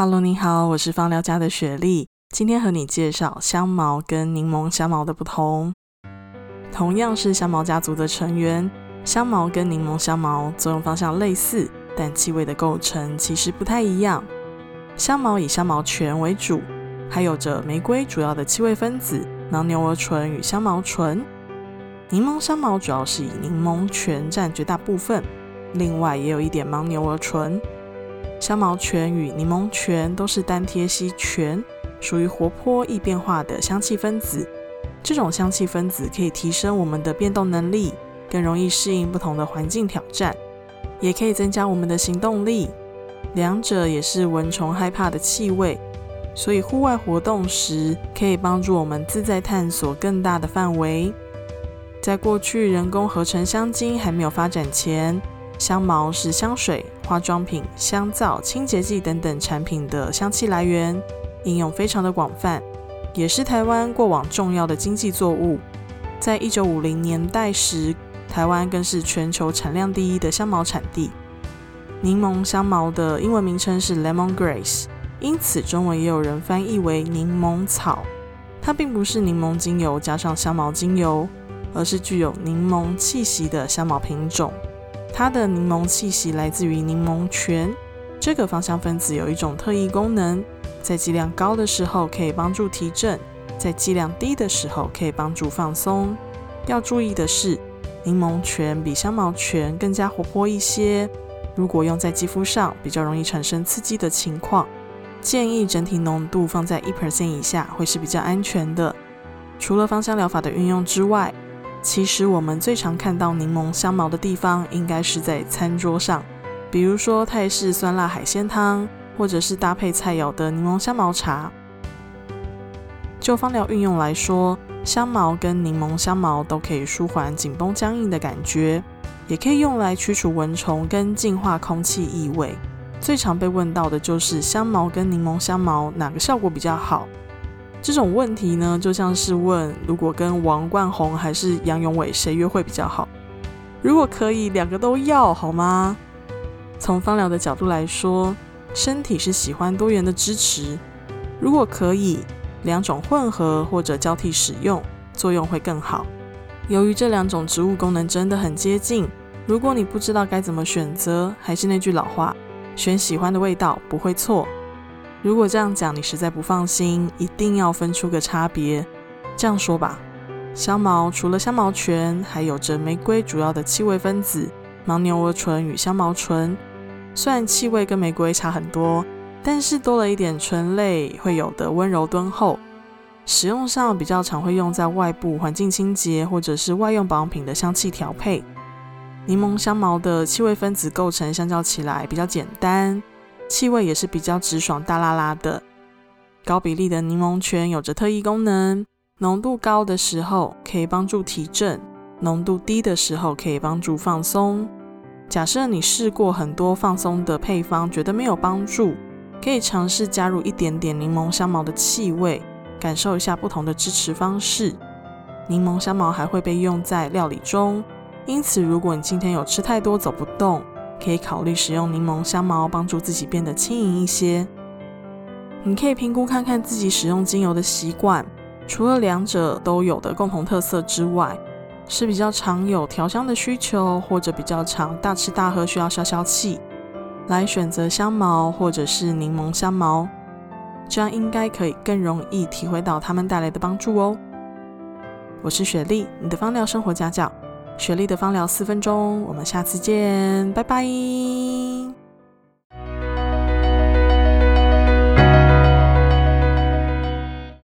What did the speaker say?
Hello，你好，我是芳療家的雪莉。今天和你介紹香茅跟檸檬香茅的不同。同樣是香茅家族的成員，香茅跟檸檬香茅作用方向類似，但氣味的構成其實不太一樣。香茅以香茅醛為主，還有着玫瑰主要的氣味分子，牻牛兒醇與香茅醇。檸檬香茅主要是以檸檬醛占絕大部分，另外也有一點牻牛兒醇。香茅醛與檸檬醛都是單萜烯醛，屬於活潑易變化的香氣分子。這種香氣分子可以提升我們的變動能力，更容易適應不同的環境挑戰，也可以增加我們的行動力。兩者也是蚊蟲害怕的氣味，所以戶外活動時可以幫助我們自在探索更大的範圍。在過去人工合成香精還沒有發展前，香茅是香水、化妝品、香皂、清潔劑等等產品的香氣來源，應用非常的廣泛，也是台灣過往重要的經濟作物。在一九五零年代時，台灣更是全球產量第一的香茅產地。檸檬香茅的英文名稱是 Lemon Grass，因此中文也有人翻譯為檸檬草。它並不是檸檬精油加上香茅精油，而是具有檸檬氣息的香茅品種。它的檸檬氣息來自於檸檬醛，這個芳香分子有一種特異功能，在劑量高的時候可以幫助提振，在劑量低的時候可以幫助放鬆。要注意的是，檸檬醛比香茅醛更加活潑一些，如果用在肌膚上，比較容易產生刺激的情況。建議整體濃度放在一 percent 以下，會是比較安全的。除了芳香療法的運用之外，其實我們最常看到檸檬香茅的地方，應該是在餐桌上，比如說泰式酸辣海鮮湯，或者是搭配菜肴的檸檬香茅茶。就芳療運用來說，香茅跟檸檬香茅都可以舒緩緊繃僵硬的感覺，也可以用來驅除蚊蟲跟淨化空氣異味。最常被問到的就是香茅跟檸檬香茅哪個效果比較好？這種問題呢，就像是問如果跟王冠閎還是楊勇緯誰約會比較好？如果可以，兩個都要，好嗎？從芳療的角度來說，身體是喜歡多元的支持。如果可以，兩種混合或者交替使用，作用會更好。由於這兩種植物功能真的很接近，如果你不知道該怎麼選擇，還是那句老話，選喜歡的味道不會錯。如果這樣講，你實在不放心，一定要分出個差別。這樣說吧，香茅除了香茅醛，還有着玫瑰主要的氣味分子——牻牛兒醇與香茅醇。雖然氣味跟玫瑰差很多，但是多了一點醇類會有的溫柔敦厚。使用上比較常會用在外部環境清潔，或者是外用保養品的香氣調配。檸檬香茅的氣味分子構成相較起來比較簡單。氣味也是比較直爽、大拉拉的。高比例的檸檬醛有着特異功能，濃度高的時候可以幫助提振，濃度低的時候可以幫助放鬆。假設你試過很多放鬆的配方，覺得沒有幫助，可以嘗試加入一點點檸檬香茅的氣味，感受一下不同的支持方式。檸檬香茅還會被用在料理中，因此如果你今天有吃太多，走不動。可以考慮使用檸檬香茅，幫助自己變得輕盈一些。你可以評估看看自己使用精油的習慣，除了兩者都有的共同特色之外，是比較常有調香的需求，或者比較常大吃大喝需要消消氣，來選擇香茅或者是檸檬香茅，這樣應該可以更容易體會到他們帶來的幫助哦。我是雪莉，你的芳療生活家教。雪莉的芳療四分鐘，我們下次見，拜拜。